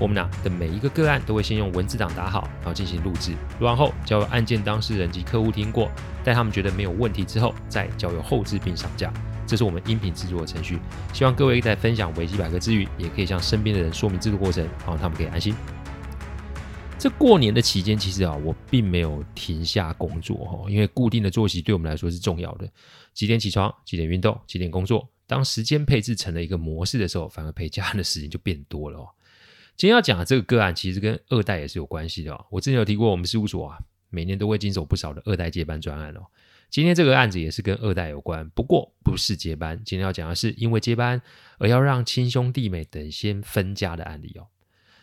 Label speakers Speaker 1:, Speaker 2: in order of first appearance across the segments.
Speaker 1: 我們吶的每一個個案都會先用文字檔打好，然後進行錄制，錄完後交由案件當事人及客戶聽過，待他們覺得沒有問題之後，再交由後制並上架。這是我們音頻制作的程序。希望各位在分享維基百科之餘，也可以向身邊的人說明制作過程，讓他們可以安心。這過年的期間，其實啊，我並沒有停下工作哦，因為固定的作息對我們來說是重要的。幾點起床，幾點運動，幾點工作，當時間配置成了一個模式的時候，反而陪家人的時間就變多了哦。今天要講的這個個案，其實跟二代也是有關係的哦。我之前有提過，我們事務所啊，每年都會經手不少的二代接班專案哦。今天這個案子也是跟二代有關，不過不是接班。今天要講的是，因為接班而要讓親兄弟妹等先分家的案例哦。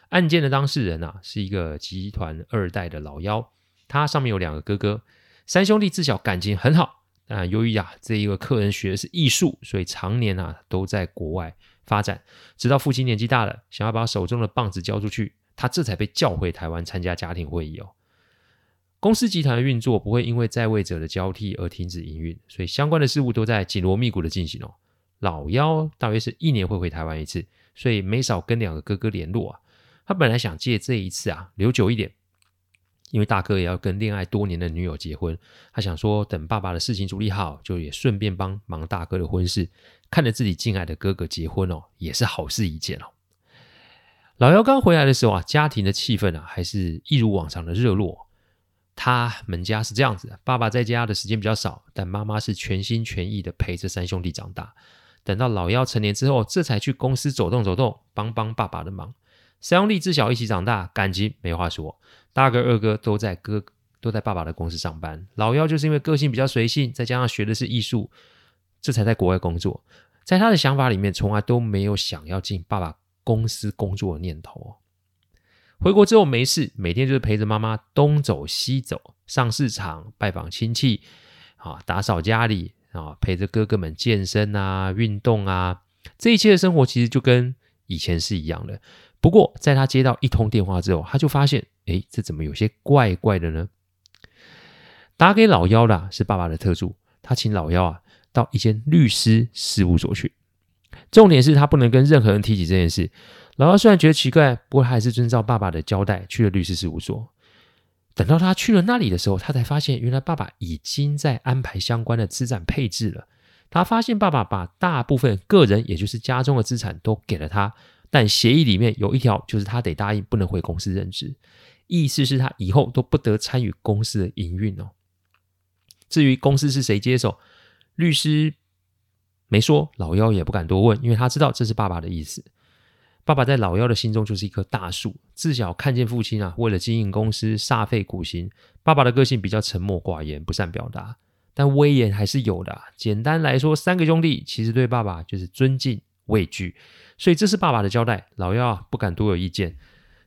Speaker 1: 案件的當事人啊，是一個集團二代的老幺，他上面有兩個哥哥，三兄弟自小感情很好。啊，由於呀、啊，這一個客人學的是藝術，所以常年啊都在國外發展。直到父親年紀大了，想要把手中的棒子交出去，他這才被叫回台灣參加家庭會議哦。公司集團的運作不會因為在位者的交替而停止營運，所以相關的事務都在緊鑼密鼓的進行哦。老幺大約是一年會回台灣一次，所以沒少跟兩個哥哥聯絡啊。他本來想借這一次啊留久一點。因為大哥也要跟戀愛多年的女友結婚，他想說等爸爸的事情處理好，就也順便幫忙大哥的婚事。看着自己敬愛的哥哥結婚哦，也是好事一件哦。老幺剛回來的時候啊，家庭的氣氛啊，還是一如往常的熱絡。他們家是這樣子的，爸爸在家的時間比較少，但媽媽是全心全意的陪着三兄弟長大。等到老幺成年之後，這才去公司走動走動，幫幫爸爸的忙。三兄弟自小一起長大，感情沒話說。大哥、二哥都在哥都在爸爸的公司上班。老幺就是因為個性比較隨性，再加上學的是藝術，這才在國外工作。在他的想法裡面，從來都沒有想要進爸爸公司工作的念頭。回國之後沒事，每天就是陪着媽媽東走西走，上市場拜訪親戚，啊，打掃家裡啊，陪着哥哥們健身啊、運動啊，這一切的生活其實就跟以前是一樣的。不過，在他接到一通電話之後，他就發現，哎，這怎麼有些怪怪的呢？打給老幺的啊，是爸爸的特助，他請老幺啊到一間律師事務所去。重點是他不能跟任何人提起這件事。老幺雖然覺得奇怪，不過他還是遵照爸爸的交代去了律師事務所。等到他去了那裡的時候，他才發現，原來爸爸已經在安排相關的資產配置了。他發現，爸爸把大部分個人，也就是家中的資產，都給了他。但協議裡面有一條，就是他得答應不能回公司任職，意思是他以後都不得參與公司的營運哦。至於公司是誰接手，律師沒說，老幺也不敢多問，因為他知道這是爸爸的意思。爸爸在老幺的心中就是一棵大樹，自小看見父親啊，為了經營公司煞費苦心。爸爸的個性比較沉默寡言，不善表達，但威嚴還是有的啊。簡單來說，三個兄弟其實對爸爸就是尊敬、畏懼，所以這是爸爸的交代。老幺啊，不敢多有意見。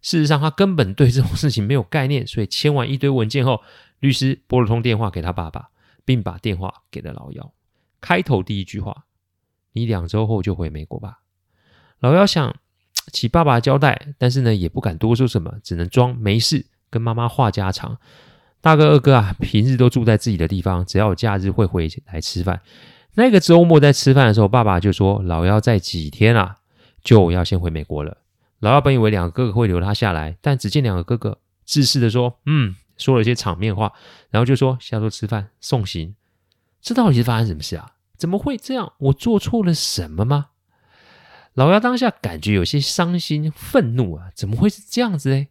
Speaker 1: 事實上，他根本對這種事情沒有概念。所以簽完一堆文件後，律師撥了通電話給他爸爸，並把電話給了老幺。開頭第一句話：“你兩周後就回美國吧。”老幺想起爸爸交代，但是呢，也不敢多說什麼，只能裝沒事，跟媽媽話家常。大哥、二哥啊，平日都住在自己的地方，只要有假日會回來吃飯。那個周末在吃飯的時候，爸爸就說：“老幺再幾天啊，就要先回美國了。”老幺本以為兩個哥哥會留他下來，但只見兩個哥哥自私的說：“嗯，說了一些場面話，然後就說下周吃飯送行。”這到底是發生什麼事啊？怎麼會這樣？我做錯了什麼嗎？老幺當下感覺有些傷心、憤怒啊！怎麼會是這樣子呢？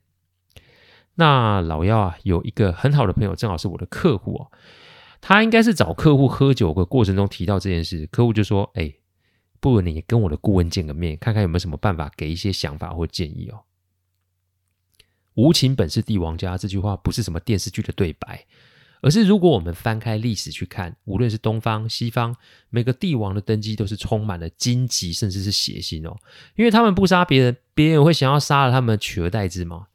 Speaker 1: 那老幺啊，有一個很好的朋友，正好是我的客戶哦。他應該是找客戶喝酒的過程中提到這件事，客戶就說：“哎，不如你跟我的顧問見個面，看看有沒有什麼辦法，給一些想法或建議哦。”無情本是帝王家，這句話不是什麼電視劇的對白，而是如果我們翻開歷史去看，無論是東方、西方，每個帝王的登基都是充滿了荊棘，甚至是血腥哦，因為他們不殺別人，別人會想要殺了他們的取而代之嗎？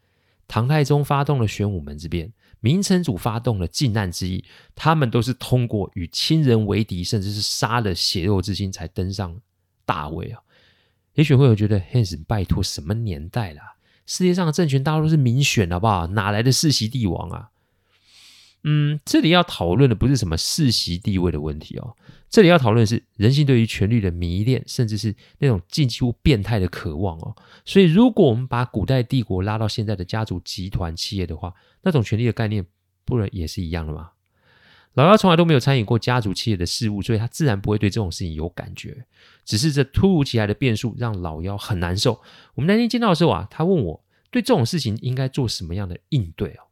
Speaker 1: 唐太宗發動了玄武門之變。明成祖發動了靖難之役，他們都是通過與親人為敵，甚至是殺了血肉之心才登上大位啊。也許會有覺得嘿， Hans, 拜託，什麼年代了啊？世界上的政權大多數是民選，好不好？哪來的世襲帝王啊？嗯，這裡要討論的不是什麼世襲地位的問題哦，這裡要討論的是人性對於權力的迷戀，甚至是那種近乎變態的渴望哦。所以，如果我們把古代帝國拉到現在的家族集團企業的話，那種權力的概念，不然也是一樣的嗎？老麼從來都沒有參與過家族企業的事務，所以他自然不會對這種事情有感覺。只是這突如其來的變數讓老麼很難受。我們那天見到的時候啊，他問我對這種事情應該做什麼樣的應對哦。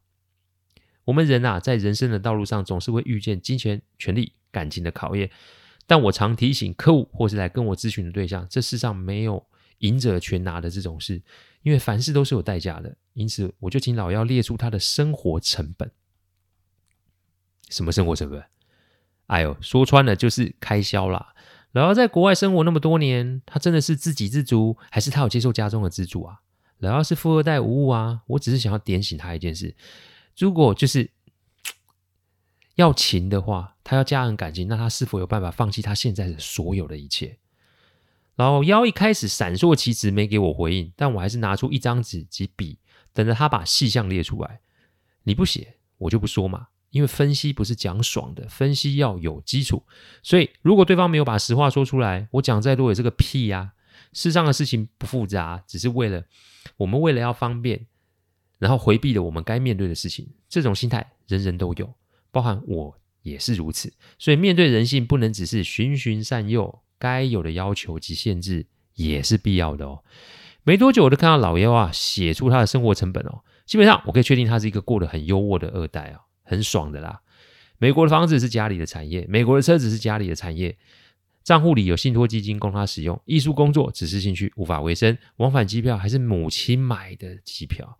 Speaker 1: 我們人啊，在人生的道路上總是會遇見金錢、權力、感情的考驗。但我常提醒客戶或是來跟我諮詢的對象，這世上沒有贏者全拿的這種事，因為凡事都是有代價的。因此，我就請老姚列出他的生活成本。什麼生活成本？哎呦，說穿了就是開銷啦。老姚在國外生活那麼多年，他真的是自給自足，還是他有接受家中的資助啊？老姚是富二代無誤啊！我只是想要點醒他一件事。如果就是要情的話，他要家人感情，那他是否有辦法放棄他現在的所有的一切？老麼一開始閃爍其詞，沒給我回應，但我還是拿出一張紙及筆，等着他把細項列出來。你不寫，我就不說嘛。因為分析不是講爽的，分析要有基礎。所以，如果對方沒有把實話說出來，我講再多也是個屁呀、啊。世上的事情不複雜，只是為了我們，為了要方便，然後迴避了我們該面對的事情，這種心態人人都有，包含我也是如此。所以面對人性，不能只是循循善誘，該有的要求及限制也是必要的哦。沒多久，我就看到老麼啊寫出他的生活成本哦，基本上我可以確定他是一個過得很優渥的二代哦，很爽的啦。美國的房子是家裡的產業，美國的車子是家裡的產業，賬戶裡有信託基金供他使用，藝術工作只是興趣，無法維生，往返機票還是母親買的機票。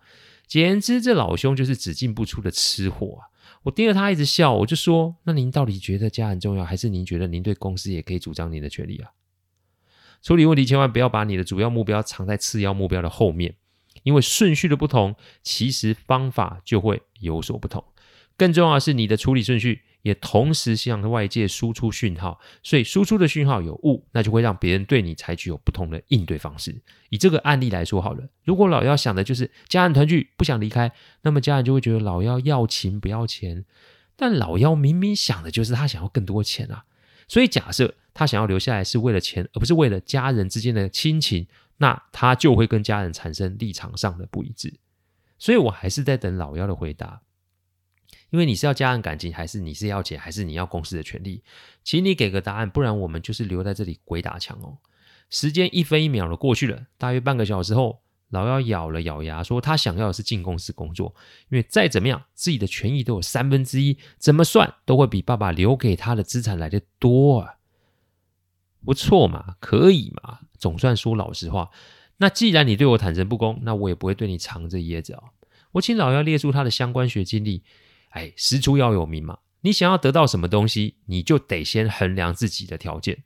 Speaker 1: 簡直這老兄就是只進不出的吃貨啊！我盯着他一直笑，我就說：“那您到底覺得家很重要，還是您覺得您對公司也可以主張您的權利啊？”處理問題千萬不要把你的主要目標藏在次要目標的後面，因為順序的不同，其實方法就會有所不同。更重要的是你的處理順序。也同時向外界輸出訊號，所以輸出的訊號有誤，那就會讓別人對你採取有不同的應對方式。以這個案例來說，好了，如果老麼想的就是家人團聚，不想離開，那麼家人就會覺得老麼要情不要錢，但老麼明明想的就是他想要更多錢啊。所以假設他想要留下來是為了錢，而不是為了家人之間的親情，那他就會跟家人產生立場上的不一致。所以我還是在等老麼的回答。因為你是要家人感情，還是你是要錢，還是你要公司的權利？請你給個答案，不然我們就是留在這裡鬼打牆哦。時間一分一秒的過去了，大約半個小時後，老幺咬了咬牙，說他想要的是進公司工作，因為再怎麼樣，自己的權益都有三分之一，怎麼算，都會比爸爸留給他的資產來得多啊。不錯嘛，可以嘛，總算說老實話。那既然你對我坦誠佈公，那我也不會對你藏着掖着哦。我請老幺列出他的相關學經歷。哎，師出要有名嘛！你想要得到什麼東西，你就得先衡量自己的條件。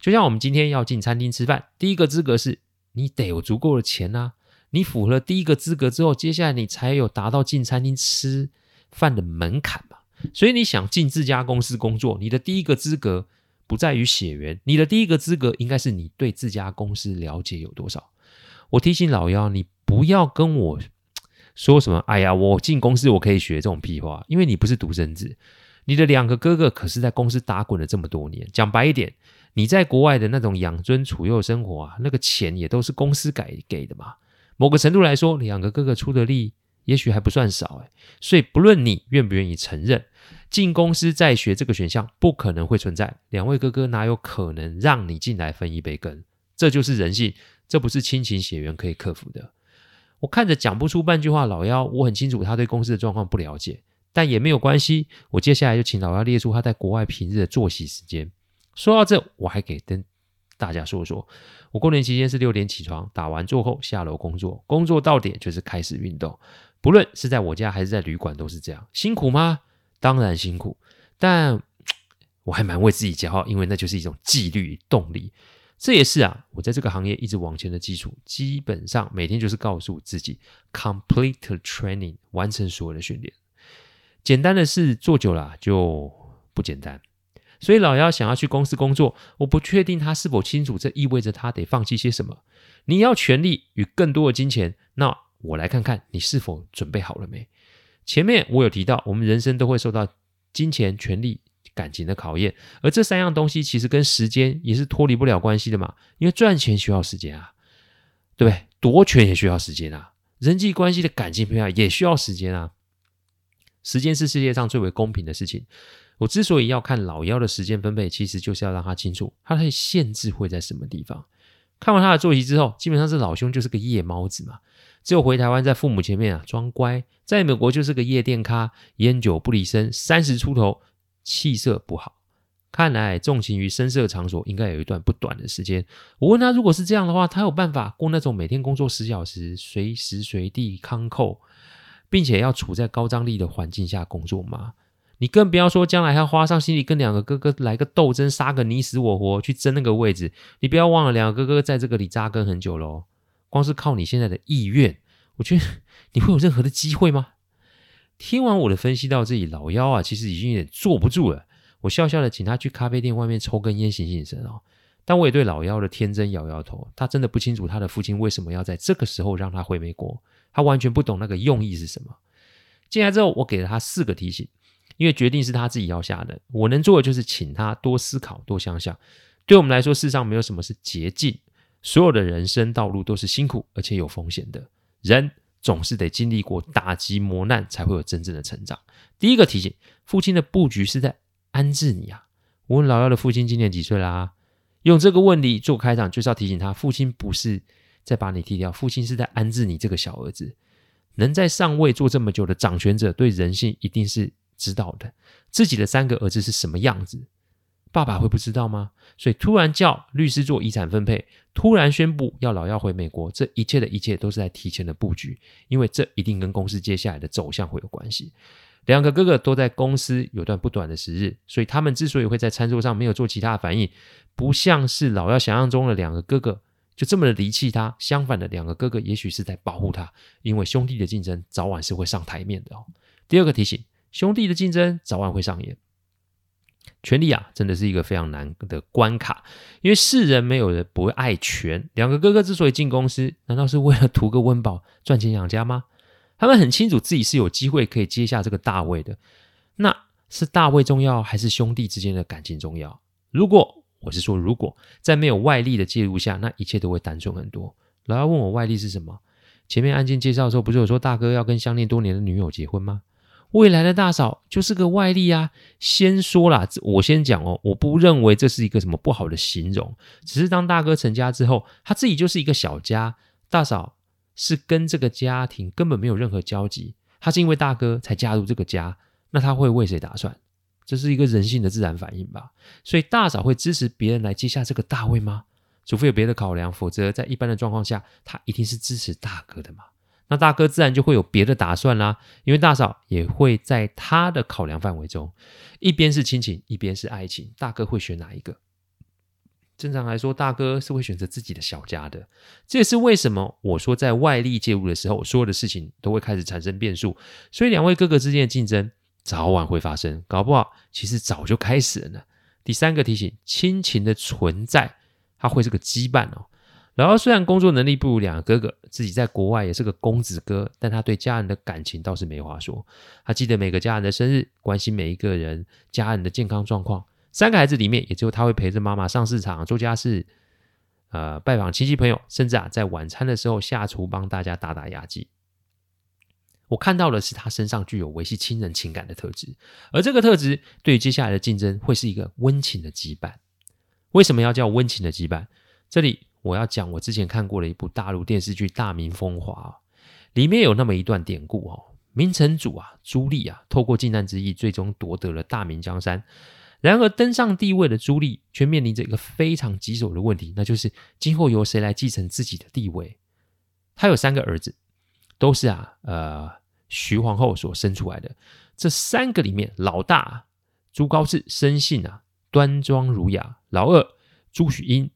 Speaker 1: 就像我們今天要進餐廳吃飯，第一個資格是你得有足夠的錢吶。你符合了第一個資格之後，接下來你才有達到進餐廳吃飯的門檻嘛。所以你想進自家公司工作，你的第一個資格不在於血緣，你的第一個資格應該是你對自家公司了解有多少。我提醒老麼，你不要跟我。說什麼？哎呀，我進公司我可以學這種屁話，因為你不是獨生子，你的兩個哥哥可是在公司打滾了這麼多年。講白一點，你在國外的那種養尊處優生活啊，那個錢也都是公司給給的嘛。某個程度來說，兩個哥哥出的力也許還不算少哎。所以不論你願不願意承認，進公司再學這個選項不可能會存在。兩位哥哥哪有可能讓你進來分一杯羹？這就是人性，這不是親情血緣可以克服的。我看着講不出半句話，老麼，我很清楚他對公司的狀況不了解，但也沒有關係。我接下來就請老麼列出他在國外平日的作息時間。說到這，我還給跟大家說說，我過年期間是六點起床，打完坐後下樓工作，工作到點就是開始運動。不論是在我家還是在旅館，都是這樣。辛苦嗎？當然辛苦，但我還蠻為自己驕傲，因為那就是一種紀律與動力。這也是啊，我在這個行業一直往前的基礎，基本上每天就是告訴自己 complete training，完成所有的訓練。簡單的事做久了就不簡單，所以老麼想要去公司工作，我不確定他是否清楚這意味着他得放棄些什麼。你要權力與更多的金錢，那我來看看你是否準備好了沒。前面我有提到，我們人生都會受到金錢、權力、感情的考驗，而這三樣東西其實跟時間也是脫離不了關係的嘛，因為賺錢需要時間啊，對不對？奪權也需要時間啊，人際關係的感情培養也需要時間啊。時間是世界上最為公平的事情。我之所以要看老幺的時間分配，其實就是要讓他清楚他的限制會在什麼地方。看完他的作息之後，基本上是老兄就是個夜貓子嘛，只有回台灣在父母前面啊裝乖，在美國就是個夜店咖，菸酒不離身，三十出頭。氣色不好，看來縱情於聲色場所應該有一段不短的時間。我問他，如果是這樣的話，他有辦法過那種每天工作十小時、隨時隨地康扣，並且要處在高張力的環境下工作嗎？你更不要說將來還要花上心力跟兩個哥哥來個鬥爭，殺個你死我活去爭那個位置。你不要忘了，兩個哥哥在這個裡紮根很久嘍、哦。光是靠你現在的意願，我覺得你會有任何的機會嗎？聽完我的分析，到這裡老麼啊，其實已經有點坐不住了。我笑笑的，請他去咖啡店外面抽根菸醒醒神哦。但我也對老麼的天真搖搖頭，他真的不清楚他的父親為什麼要在這個時候讓他回美國，他完全不懂那個用意是什麼。進來之後，我給了他四個提醒，因為決定是他自己要下的，我能做的就是請他多思考、多想想。對我們來說，世上沒有什麼是捷徑，所有的人生道路都是辛苦而且有風險的。人。總是得經歷過打擊磨難，才會有真正的成長。第一個提醒，父親的布局是在安置你啊。我問老幺的父親今年幾歲啦啊？用這個問題做開場，就是要提醒他，父親不是在把你踢掉，父親是在安置你這個小兒子。能在上位做這麼久的掌權者，對人性一定是知道的，自己的三個兒子是什麼樣子？爸爸會不知道嗎？所以突然叫律師做遺產分配，突然宣布要老幺回美國，這一切的一切都是在提前的布局，因為這一定跟公司接下來的走向會有關係。兩個哥哥都在公司有段不短的時日，所以他們之所以會在餐桌上沒有做其他的反應，不像是老幺想象中的兩個哥哥就這麼的離棄他。相反的，兩個哥哥也許是在保護他，因為兄弟的競爭早晚是會上台面的哦。第二個提醒：兄弟的競爭早晚會上演。權力啊，真的是一個非常難的關卡，因為世人沒有人不會愛權。兩個哥哥之所以進公司，難道是為了圖個溫飽、賺錢養家嗎？他們很清楚自己是有機會可以接下這個大位的。那是大位重要，還是兄弟之間的感情重要？如果我是說，如果在沒有外力的介入下，那一切都會單純很多。然後要問我外力是什麼？前面案件介紹的時候，不是有說大哥要跟相戀多年的女友結婚嗎？未來的大嫂就是個外力啊！先說啦，我先講哦，我不認為這是一個什麼不好的形容，只是當大哥成家之後，他自己就是一個小家，大嫂是跟這個家庭根本沒有任何交集，他是因為大哥才加入這個家，那他會為誰打算？這是一個人性的自然反應吧？所以大嫂會支持別人來接下這個大位嗎？除非有別的考量，否則在一般的狀況下，他一定是支持大哥的嘛。那大哥自然就會有別的打算啦，啊，因為大嫂也會在他的考量範圍中，一邊是親情，一邊是愛情，大哥會選哪一個？正常來說，大哥是會選擇自己的小家的。這也是為什麼我說在外力介入的時候，所有的事情都會開始產生變數，所以兩位哥哥之間的競爭早晚會發生，搞不好其實早就開始了呢。第三個提醒：親情的存在，它會是個羈絆哦。然後雖然工作能力不如兩個哥哥，自己在國外也是個公子哥，但他對家人的感情倒是沒話說。他記得每個家人的生日，關心每一個人家人的健康狀況。三個孩子裡面，也只有他會陪着媽媽上市場做家事、呃，拜訪親戚朋友，甚至啊，在晚餐的時候下廚幫大家打打牙祭。我看到的是他身上具有維繫親人情感的特質，而這個特質對於接下來的競爭會是一個溫情的羈絆。為什麼要叫溫情的羈絆？這裡。我要講我之前看過的一部大陸電視劇《大明風華》，裡面有那麼一段典故哦。明成祖啊，朱棣啊，透過靖難之役，最終奪得了大明江山。然而登上帝位的朱棣，卻面臨着一個非常棘手的問題，那就是今後由誰來繼承自己的地位？他有三個兒子，都是啊，呃，徐皇後所生出來的。這三個裡面，老大朱高熾，生性啊，端莊儒雅；老二朱許英。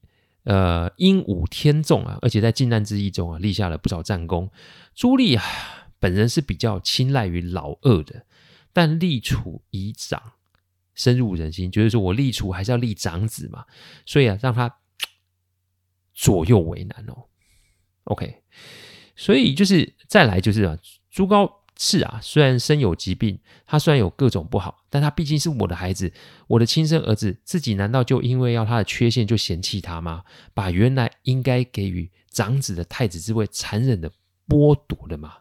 Speaker 1: 呃，英武天縱啊，而且在靖難之役中啊，立下了不少戰功。朱棣啊，本人是比較青睞於老二的，但立儲以長深入人心，就是說我立儲還是要立長子嘛，所以啊，讓他左右為難哦。OK，所以就是再來就是啊，朱高。是啊，雖然身有疾病，他雖然有各種不好，但他畢竟是我的孩子，我的親生兒子，自己難道就因為要他的缺陷就嫌棄他嗎？把原來應該給予長子的太子之位殘忍的剝奪了嗎？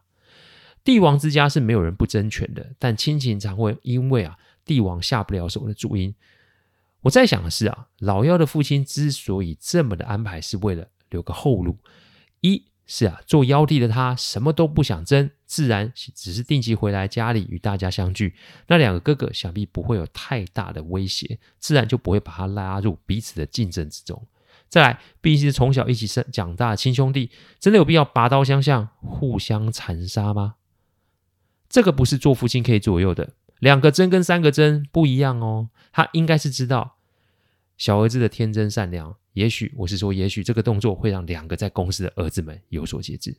Speaker 1: 帝王之家是沒有人不爭權的，但親情常會因為啊，帝王下不了手的主因。我在想的是啊，老麼的父親之所以這麼的安排，是為了留個後路。一是啊，做麼弟的他什麼都不想爭。自然只是定期回來家裡與大家相聚，那兩個哥哥想必不會有太大的威脅，自然就不會把他拉入彼此的競爭之中。再來，畢竟是從小一起長大的親兄弟，真的有必要拔刀相向、互相殘殺嗎？這個不是做父親可以左右的。兩個爭跟三個爭不一樣哦。他應該是知道小兒子的天真善良，也許我是說，也許這個動作會讓兩個在公司的兒子們有所節制。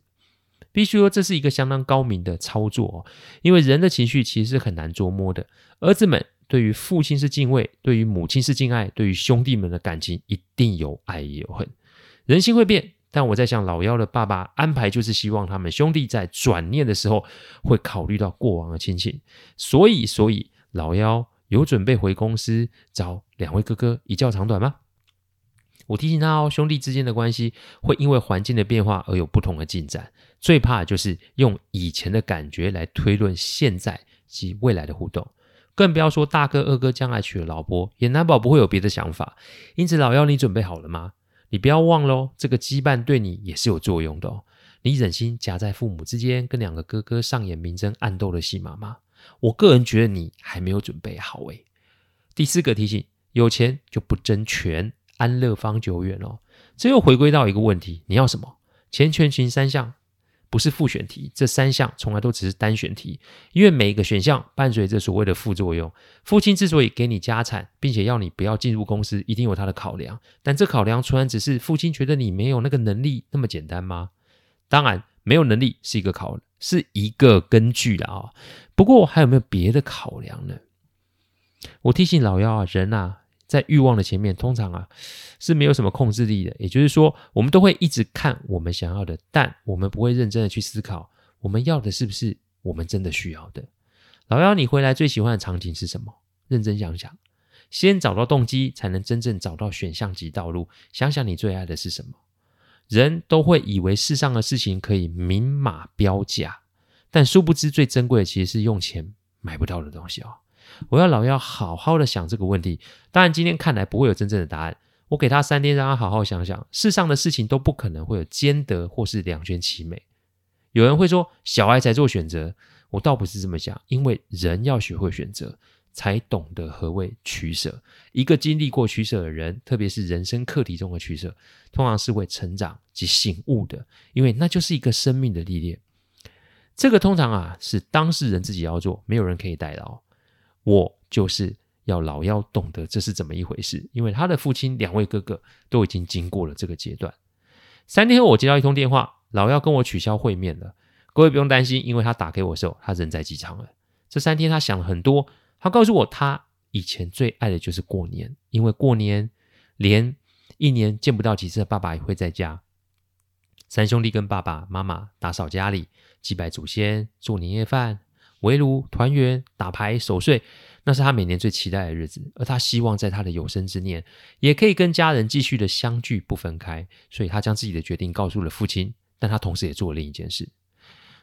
Speaker 1: 必須說，這是一個相當高明的操作哦，因為人的情緒其實是很難捉摸的。兒子們對於父親是敬畏，對於母親是敬愛，對於兄弟們的感情一定有愛也有恨。人心會變，但我在想老幺的爸爸安排，就是希望他們兄弟在轉念的時候會考慮到過往的親情。所以，所以老幺有準備回公司找兩位哥哥一較長短嗎？我提醒他哦，兄弟之間的關係會因為環境的變化而有不同的進展。最怕的就是用以前的感覺來推論現在及未來的互動，更不要說大哥二哥將來娶了老婆，也難保不會有別的想法。因此，老幺，你準備好了嗎？你不要忘嘍，這個羈絆對你也是有作用的哦。你忍心夾在父母之間，跟兩個哥哥上演明爭暗鬥的戲碼嗎？我個人覺得你還沒有準備好哎。第四個提醒：有錢就不爭權。安樂方久遠哦，這又回歸到一個問題：你要什麼？前、全、情三項不是複選題，這三項從來都只是單選題，因為每一個選項伴隨着所謂的副作用。父親之所以給你家產，並且要你不要進入公司，一定有他的考量。但這考量，從來只是父親覺得你沒有那個能力那麼簡單嗎？當然，沒有能力是一個考，是一個根據啦、哦。啊。不過還有沒有別的考量呢？我提醒老幺啊，人啊。在欲望的前面，通常啊是沒有什麼控制力的。也就是說，我們都會一直看我們想要的，但我們不會認真的去思考，我們要的是不是我們真的需要的。老麼？你回來最喜歡的場景是什麼？認真想想，先找到動機，才能真正找到選項及道路。想想你最愛的是什麼？人都會以為世上的事情可以明碼標價，但殊不知最珍貴的其實是用錢買不到的東西哦。我要老要好好的想這個問題。當然，今天看來不會有真正的答案。我給他三天，讓他好好想想。世上的事情都不可能會有兼得或是兩全其美。有人會說，小孩才做選擇。我倒不是這麼想，因為人要學會選擇，才懂得何謂取捨。一個經歷過取捨的人，特別是人生課題中的取捨，通常是會成長及醒悟的，因為那就是一個生命的歷練。這個通常啊，是當事人自己要做，沒有人可以代勞。我就是要老幺懂得這是怎麼一回事，因為他的父親、兩位哥哥都已經經過了這個階段。三天後，我接到一通電話，老幺跟我取消會面了。各位不用擔心，因為他打給我的時候，他人在機場了。這三天他想了很多，他告訴我，他以前最愛的就是過年，因為過年連一年見不到幾次的爸爸也會在家。三兄弟跟爸爸媽媽打掃家裡，祭拜祖先，做年夜飯。圍爐團圓、打牌、守歲，那是他每年最期待的日子。而他希望在他的有生之年，也可以跟家人繼續的相聚不分開。所以，他將自己的決定告訴了父親。但他同時也做了另一件事：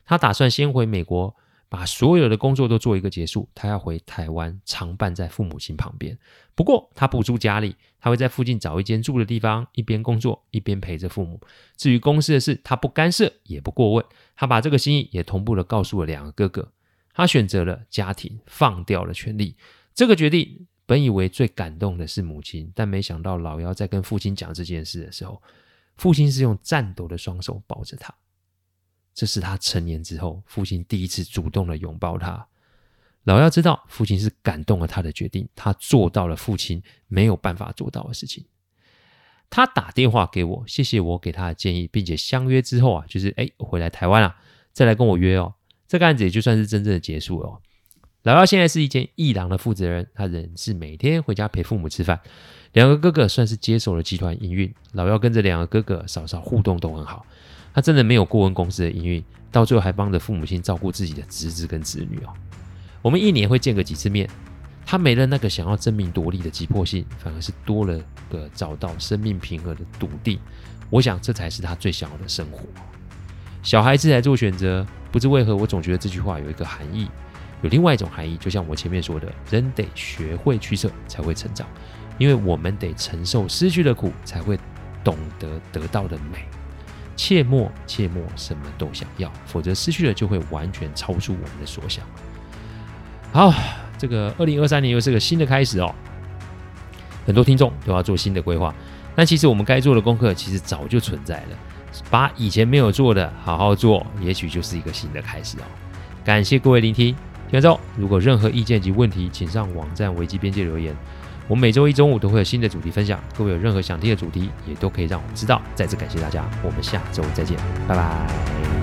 Speaker 1: 他打算先回美國，把所有的工作都做一個結束。他要回台灣，常伴在父母親旁邊。不過，他不住家裡，他會在附近找一間住的地方，一邊工作，一邊陪着父母。至於公司的事，他不干涉，也不過問。他把這個心意也同步的告訴了兩個哥哥。他選擇了家庭，放掉了權力。這個決定本以為最感動的是母親，但沒想到老幺在跟父親講這件事的時候，父親是用顫抖的雙手抱着他。這是他成年之後父親第一次主動的擁抱他。老幺知道父親是感動了他的決定，他做到了父親沒有辦法做到的事情。他打電話給我，謝謝我給他的建議，並且相約之後啊，就是哎，欸，我回來台灣了啊，再來跟我約哦。這個案子也就算是真正的結束了哦。老幺現在是一間藝廊的負責人，他仍是每天回家陪父母吃飯。兩個哥哥算是接手了集團營運，老幺跟着兩個哥哥、嫂嫂互動都很好。他真的沒有過問公司的營運，到最後還幫着父母親照顧自己的侄子跟侄女哦。我們一年會見個幾次面，他沒了那個想要爭名奪利的急迫性，反而是多了個找到生命平衡的篤定。我想這才是他最想要的生活。小孩子來做選擇，不知為何，我總覺得這句話有一個含義，有另外一種含義。就像我前面說的，人得學會取捨，才會成長。因為我們得承受失去的苦，才會懂得得到的美。切莫切莫什麼都想要，否則失去了就會完全超出我們的所想。好，這個二零二三年又是個新的開始哦，很多聽眾都要做新的規劃。但其實我們該做的功課，其實早就存在了。把以前沒有做的好好做，也許就是一個新的開始哦。感謝各位聆聽聽完之後，下周如果任何意見及問題，請上網站危機邊界留言。我們每周一中午都會有新的主題分享，各位有任何想聽的主題，也都可以讓我們知道。再次感謝大家，我們下周再見，拜拜。